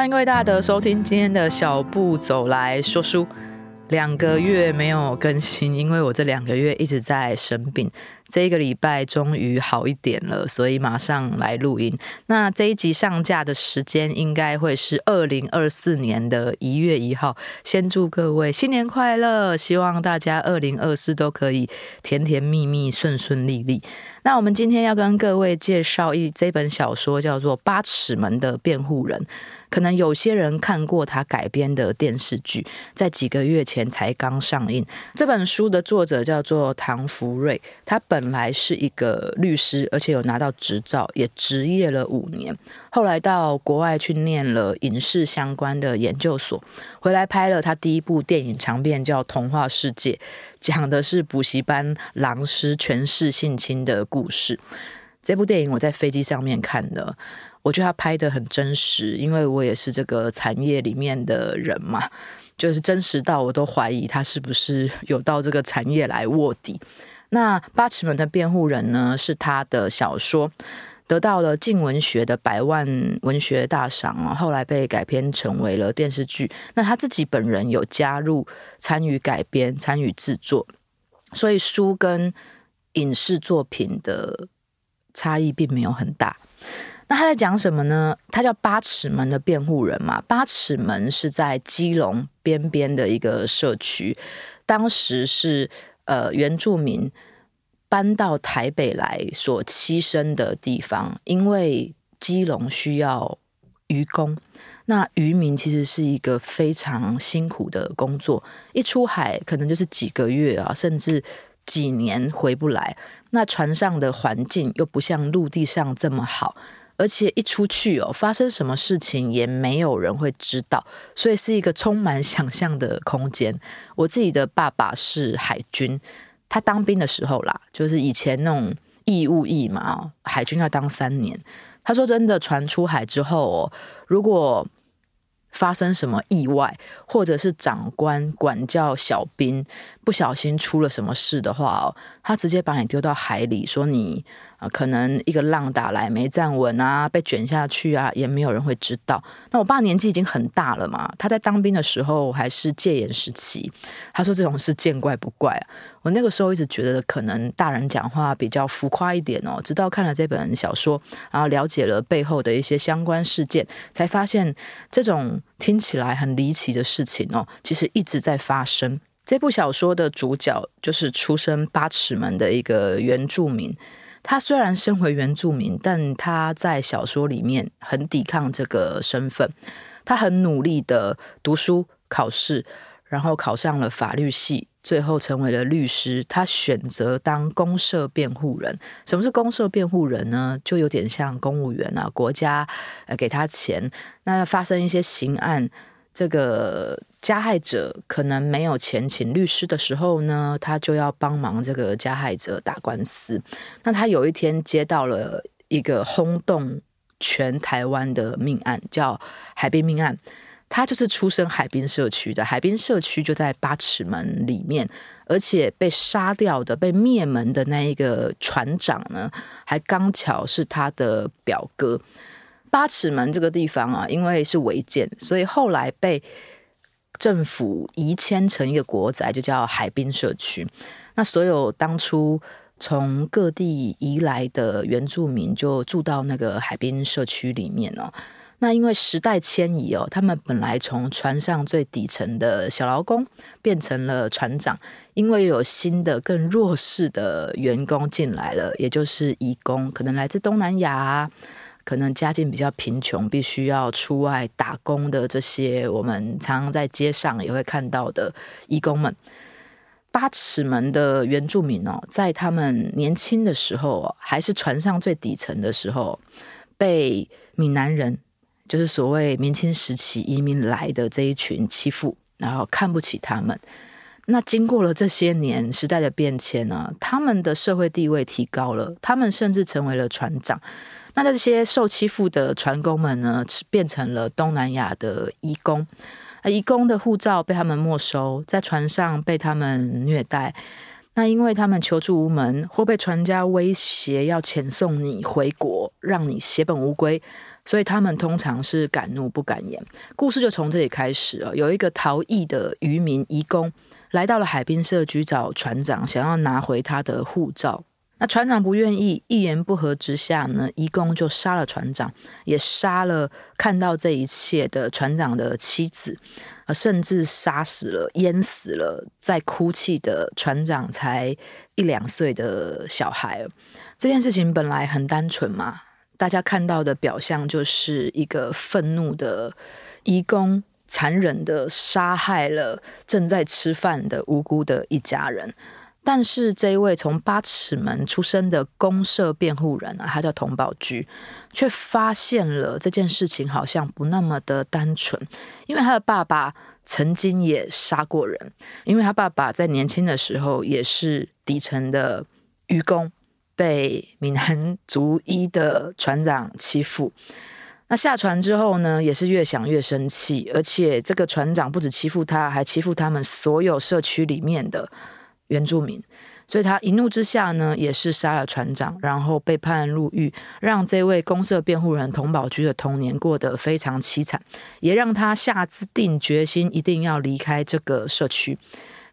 歡迎各位大德收聽今天的小步走來說書，兩個月沒有更新，因為我這兩個月一直在生病，這個禮拜終於好一點了，所以馬上來錄音。那這一集上架的時間應該會是二零二四年的一月一號。先祝各位新年快樂，希望大家二零二四都可以甜甜蜜蜜、順順利利。那我們今天要跟各位介紹一這本小說，叫做《八尺門的辯護人》。可能有些人看過他改編的電視劇，在幾個月前才剛上映。這本書的作者叫做唐福睿，他本來是一個律師，而且有拿到執照，也執業了五年。後來到國外去念了影視相關的研究所，回來拍了他第一部電影長片，叫《童話世界》，講的是補習班狼師權勢性侵的故事。故故事，這部電影我在飛機上面看的，我覺得他拍得很真實，因為我也是這個產業裡面的人嘛，就是真實到我都懷疑他是不是有到這個產業來臥底。那八尺門的辯護人呢，是他的小說得到了鏡文學的百萬文學大賞啊，後來被改編成為了電視劇，那他自己本人有加入參與改編、參與制作，所以書跟影視作品的差異並沒有很大。那他在講什麼呢？他叫八尺門的辯護人嘛。八尺門是在基隆邊邊的一個社區，當時是呃原住民搬到台北來所棲身的地方。因為基隆需要漁工，那漁民其實是一個非常辛苦的工作，一出海可能就是幾個月啊，甚至、嗯。幾年回不來，那船上的環境又不像陸地上這麼好，而且一出去哦，發生什麼事情也沒有人會知道，所以是一個充滿想象的空間。我自己的爸爸是海軍，他當兵的時候啦，就是以前那種義務役嘛，海軍要當三年。他說真的，船出海之後哦，如果發生什麼意外，或者是長官管教小兵不小心出了什麼事的話，他直接把你丟到海裡，說你。啊，可能一個浪打來沒站穩啊，被捲下去啊，也沒有人會知道。那我爸年紀已經很大了嘛，他在當兵的時候還是戒嚴時期，他說這種事見怪不怪啊。我那個時候一直覺得可能大人講話比較浮誇一點哦，直到看了這本小說，然後了解了背後的一些相關事件，才發現這種聽起來很離奇的事情哦，其實一直在發生。這部小說的主角就是出生八尺門的一個原住民。他雖然身為原住民，但他在小說裡面很抵抗這個身份。他很努力的讀書、考試，然後考上了法律系，最後成為了律師。他選擇當公設辯護人。什麼是公設辯護人呢？就有點像公務員啊，國家給他錢，那發生一些刑案，這個。加害者可能沒有錢請律師的時候呢，他就要幫忙這個加害者打官司。那他有一天接到了一個轟動全台灣的命案，叫海濱命案。他就是出生海濱社區的，海濱社區就在八尺門裡面，而且被殺掉的，被滅門的那一個船長呢，還剛巧是他的表哥。八尺門這個地方啊，因為是違建，所以後來被。政府移遷成一個國宅，就叫海濱社區。那所有當初從各地移來的原住民就住到那個海濱社區裡面哦。那因為時代遷移哦，他們本來從船上最底層的小勞工變成了船長，因為有新的更弱勢的員工進來了，也就是移工，可能來自東南亞啊。可能家境比較貧窮，必須要出外打工的這些，我們常常在街上也會看到的漁工們。八尺門的原住民哦，在他們年輕的時候，還是船上最底層的時候，被閩南人，就是所謂明清時期移民來的這一群欺負，然後看不起他們。那經過了這些年時代的變遷呢，他們的社會地位提高了，他們甚至成為了船長。那這些受欺負的船工們呢，是變成了東南亞的移工，啊，移工的護照被他們沒收，在船上被他們虐待。那因為他們求助無門，或被船家威脅要遣送，你回國，讓你血本無歸，所以他們通常是敢怒不敢言。故事就從這裡開始啊，有一個逃逸的漁民移工來到了海濱社區找船長，想要拿回他的護照。那船長不願意，一言不合之下呢，移工就殺了船長，也殺了看到這一切的船長的妻子，甚至殺死了淹死了在哭泣的船長才一兩歲的小孩。這件事情本來很單純嘛，大家看到的表象就是一個憤怒的移工，殘忍的殺害了正在吃飯的無辜的一家人。但是這位從八尺門出生的公設辯護人啊，他叫佟寶駒，卻發現了這件事情好像不那麼的單純，因為他的爸爸曾經也殺過人，因為他爸爸在年輕的時候也是底層的漁工，被閩南族裔的船長欺負。那下船之後呢，也是越想越生氣，而且這個船長不只欺負他，還欺負他們所有社區裡面的。原住民，所以他一怒之下呢，也是殺了船長，然後被判入獄，讓這位公設辯護人佟寶駒的童年過得非常淒慘，也讓他下定決心一定要離開這個社區，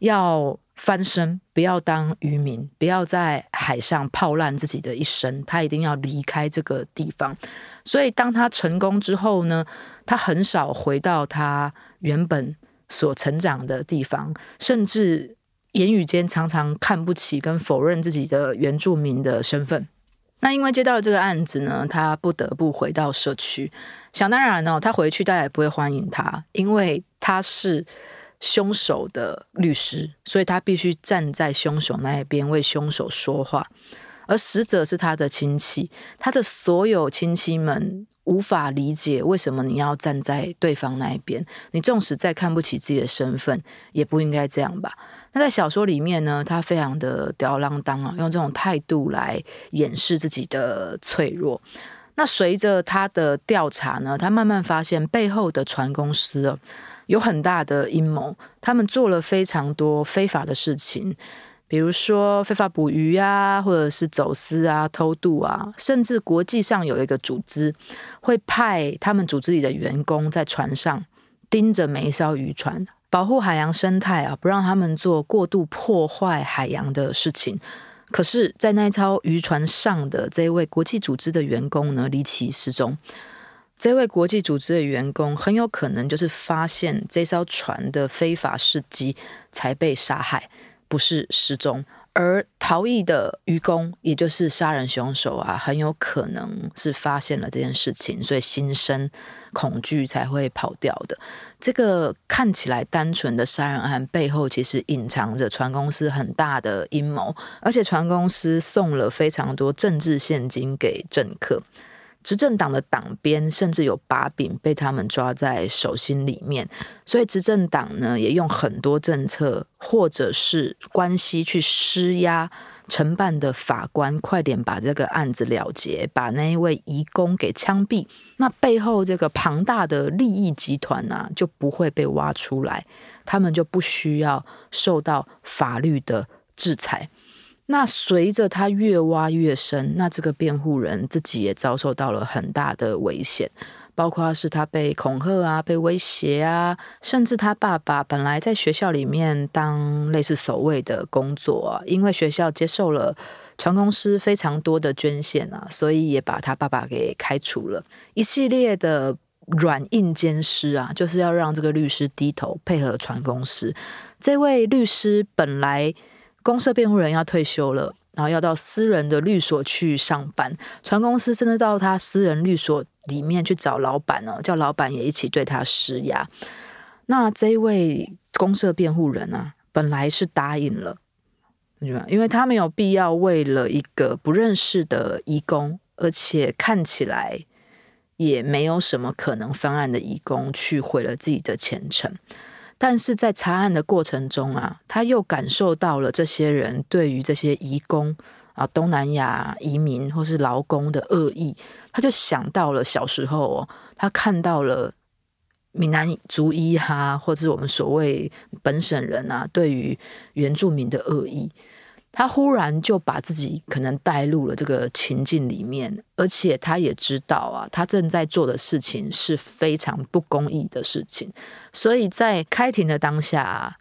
要翻身，不要當漁民，不要在海上泡爛自己的一生，他一定要離開這個地方。所以，當他成功之後呢，他很少回到他原本所成長的地方，甚至。言語間常常看不起跟否認自己的原住民的身份。那因為接到了這個案子呢，他不得不回到社區。想當然哦，他回去大家也不會歡迎他，因為他是凶手的律師，所以他必須站在凶手那一邊，為凶手說話。而死者是他的親戚，他的所有親戚們無法理解為什麼你要站在對方那一邊？你縱使再看不起自己的身份，也不應該這樣吧？那在小說裡面呢，他非常的吊兒郎當啊，用這種態度來掩飾自己的脆弱。那隨着他的調查呢，他慢慢發現背後的船公司，哦，有很大的陰謀，他們做了非常多非法的事情。比如說非法捕魚啊，或者是走私啊、偷渡啊，甚至國際上有一個組織會派他們組織裡的員工在船上盯着每一艘漁船，保護海洋生態啊，不讓他們做過度破壞海洋的事情。可是，在那艘漁船上的這位國際組織的員工呢，離奇失蹤。這位國際組織的員工很有可能就是發現這艘船的非法事蹟，才被殺害。不是失蹤，而逃逸的漁工，也就是殺人兇手啊，很有可能是發現了這件事情，所以心生恐懼才會跑掉的。這個看起來單純的殺人案背後，其實隱藏着船公司很大的陰謀，而且船公司送了非常多政治獻金給政客。執政黨的黨鞭甚至有把柄被他們抓在手心裡面，所以執政黨呢，也用很多政策或者是關係去施壓承辦的法官，快點把這個案子了結，把那一位移工給槍斃。那背後這個龐大的利益集團呢、啊、就不會被挖出來，他們就不需要受到法律的制裁。那隨着他越挖越深，那這個辯護人自己也遭受到了很大的危險，包括是他被恐嚇啊，被威脅啊，甚至他爸爸本來在學校裡面當類似守衛的工作啊，因為學校接受了船公司非常多的捐獻啊，所以也把他爸爸給開除了。一系列的軟硬兼施啊，就是要讓這個律師低頭配合船公司。這位律師本來。公設辯護人要退休了，然後要到私人的律所去上班。船公司甚至到他私人律所裡面去找老闆呢、啊，叫老闆也一起對他施壓。那這一位公設辯護人啊，本來是答應了，對吧，因為他沒有必要為了一個不認識的移工，而且看起來也沒有什麼可能翻案的移工，去毀了自己的前程。但是在查案的過程中啊，他又感受到了這些人對於這些移工啊、東南亞移民或是勞工的惡意，他就想到了小時候哦，他看到了閩南族裔哈、啊，或者是我們所謂本省人啊，對於原住民的惡意。他忽然就把自己可能帶入了這個情境裡面，而且他也知道啊，他正在做的事情是非常不公義的事情，所以在開庭的當下啊，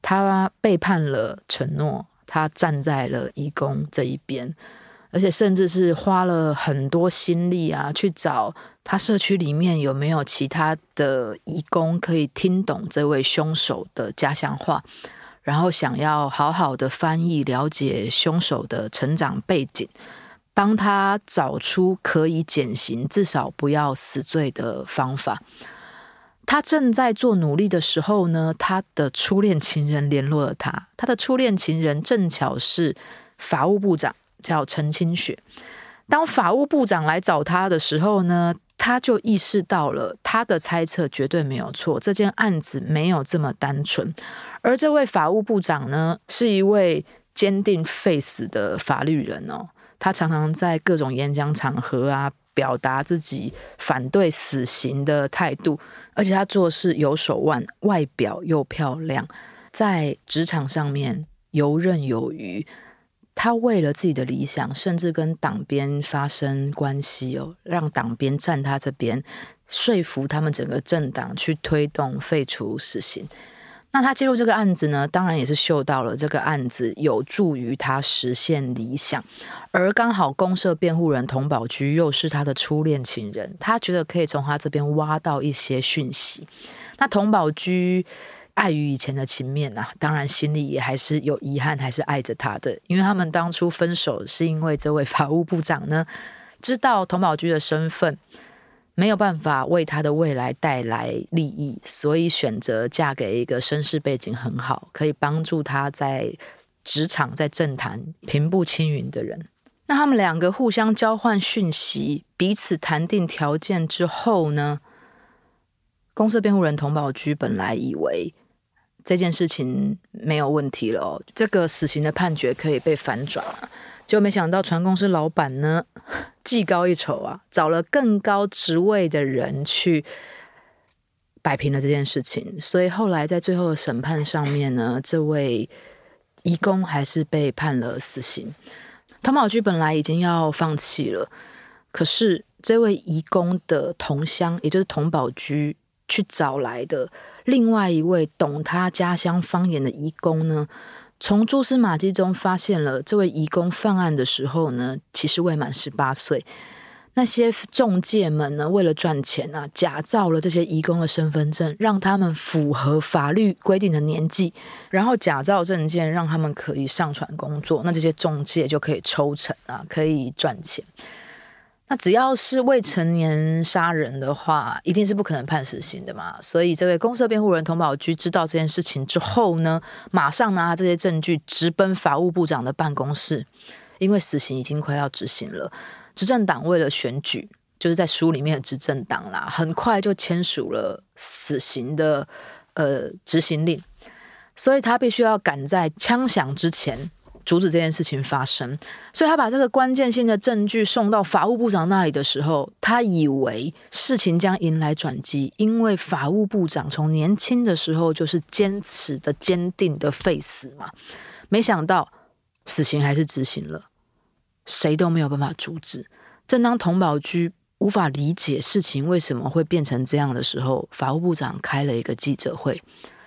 他背叛了承諾，他站在了移工這一邊，而且甚至是花了很多心力啊，去找他社區裡面有沒有其他的移工可以聽懂這位凶手的家鄉話。然後想要好好的翻譯，了解凶手的成長背景，幫他找出可以減刑，至少不要死罪的方法。他正在做努力的時候呢，他的初戀情人聯絡了他。他的初戀情人正巧是法務部長，叫陳清雪。當法務部長來找他的時候呢，他就意識到了，他的猜測絕對沒有錯，這件案子沒有這麼單純。而這位法務部長呢，是一位堅定廢死的法律人哦，他常常在各種演講場合啊，表達自己反對死刑的態度，而且他做事有手腕，外表又漂亮，在職場上面游刃有餘。他為了自己的理想，甚至跟黨鞭發生關係哦，讓黨鞭站他這邊，說服他們整個政黨去推動廢除死刑。那他介入這個案子呢，當然也是嗅到了這個案子有助於他實現理想，而剛好公設辯護人佟寶駒又是他的初戀情人，他覺得可以從他這邊挖到一些訊息。那佟寶駒……礙於以前的情面啊，當然心裡也還是有遺憾，還是愛着他的。因為他們當初分手，是因為這位法務部長呢，知道佟寶駒的身份，沒有辦法為他的未來帶來利益，所以選擇嫁給一個身世背景很好，可以幫助他在職場、在政壇平步青雲的人。那他們兩個互相交換訊息，彼此談定條件之後呢，公設辯護人佟寶駒本來以為。這件事情沒有問題了哦，這個死刑的判決可以被反轉了，啊，就沒想到船公司老板呢技高一籌啊，找了更高職位的人去擺平了這件事情，所以後來在最後的審判上面呢，這位移工還是被判了死刑。佟寶駒本來已經要放棄了，可是這位移工的同鄉，也就是佟寶駒。去找來的另外一位懂他家鄉方言的移工呢，從蛛絲馬跡中發現了這位移工犯案的時候呢，其實未滿十八歲。那些仲介們呢，為了賺錢啊，假造了這些移工的身份證，讓他們符合法律規定的年紀，然後假造證件讓他們可以上船工作，那這些仲介就可以抽成啊，可以賺錢。那只要是未成年殺人的話，一定是不可能判死刑的嘛。所以這位公設辯護人佟寶駒知道這件事情之後呢，馬上拿這些證據直奔法務部長的辦公室，因為死刑已經快要執行了。執政黨為了選舉，就是在書裡面的執政黨啦，很快就簽署了死刑的呃執行令，所以他必須要趕在槍響之前。阻止這件事情發生，所以他把這個關鍵性的證據送到法務部長那裡的時候，他以為事情將迎來轉機，因為法務部長從年輕的時候就是堅持的、堅定的廢死嘛。沒想到死刑還是執行了，誰都沒有辦法阻止。正當佟寶駒無法理解事情為什麼會變成這樣的時候，法務部長開了一個記者會，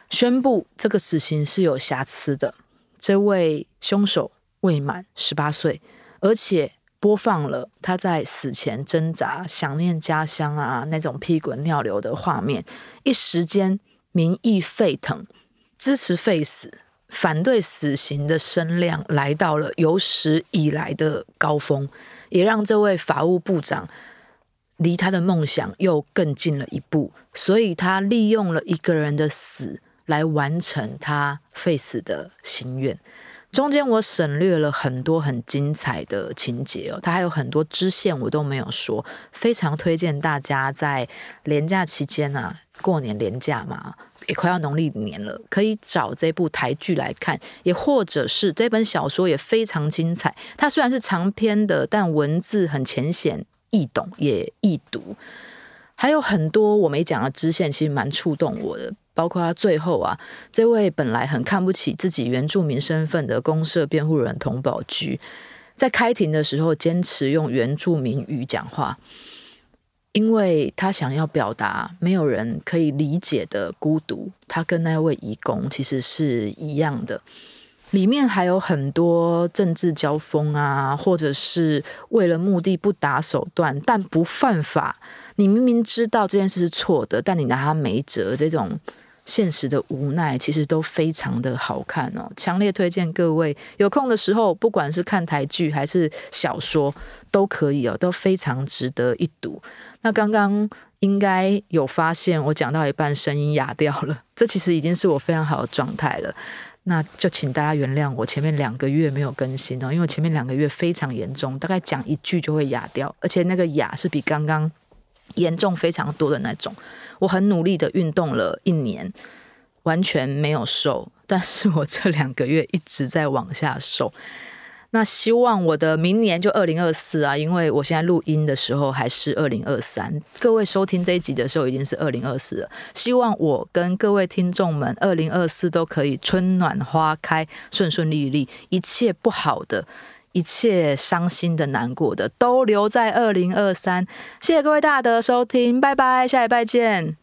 宣布這個死刑是有瑕疵的。這位凶手未滿十八歲，而且播放了他在死前掙扎、想念家鄉啊那種屁滾尿流的畫面，一時間民意沸騰，支持廢死、反對死刑的聲量來到了有史以來的高峰，也讓這位法務部長離他的夢想又更近了一步。所以他利用了一個人的死。來完成他廢死死的心願，中間我省略了很多很精彩的情節哦，它還有很多支線我都沒有說，非常推薦大家在連假期間啊，過年連假嘛，也快要農曆年了，可以找這部台劇來看，也或者是這本小說也非常精彩，它雖然是長篇的，但文字很淺顯易懂，也易讀，還有很多我沒講的支線，其實蠻觸動我的。包括他最後啊，這位本來很看不起自己原住民身份的公設辯護人佟寶駒，在開庭的時候堅持用原住民語講話，因為他想要表達沒有人可以理解的孤獨。他跟那位移工其實是一樣的。裡面還有很多政治交鋒啊，或者是為了目的不擇手段，但不犯法。你明明知道這件事是錯的，但你拿他沒轍。這種。現實的無奈，其實都非常的好看哦，強烈推薦各位有空的時候，不管是看台劇還是小說，都可以哦，都非常值得一讀。那剛剛應該有發現，我講到一半聲音啞掉了，這其實已經是我非常好的狀態了，那就請大家原諒我，前面兩個月沒有更新哦，因為前面兩個月非常嚴重，大概講一句就會啞掉，而且那個啞是比剛剛。嚴重非常多的那種，我很努力的運動了一年，完全沒有瘦，但是我這兩個月一直在往下瘦。那希望我的明年就二零二四啊，因為我現在錄音的時候還是二零二三，各位收聽這一集的時候已經是二零二四了，希望我跟各位聽眾們二零二四都可以春暖花開，順順利利，一切不好的一切傷心的、難過的，都留在二零二三。謝謝各位大德收聽，拜拜，下禮拜見。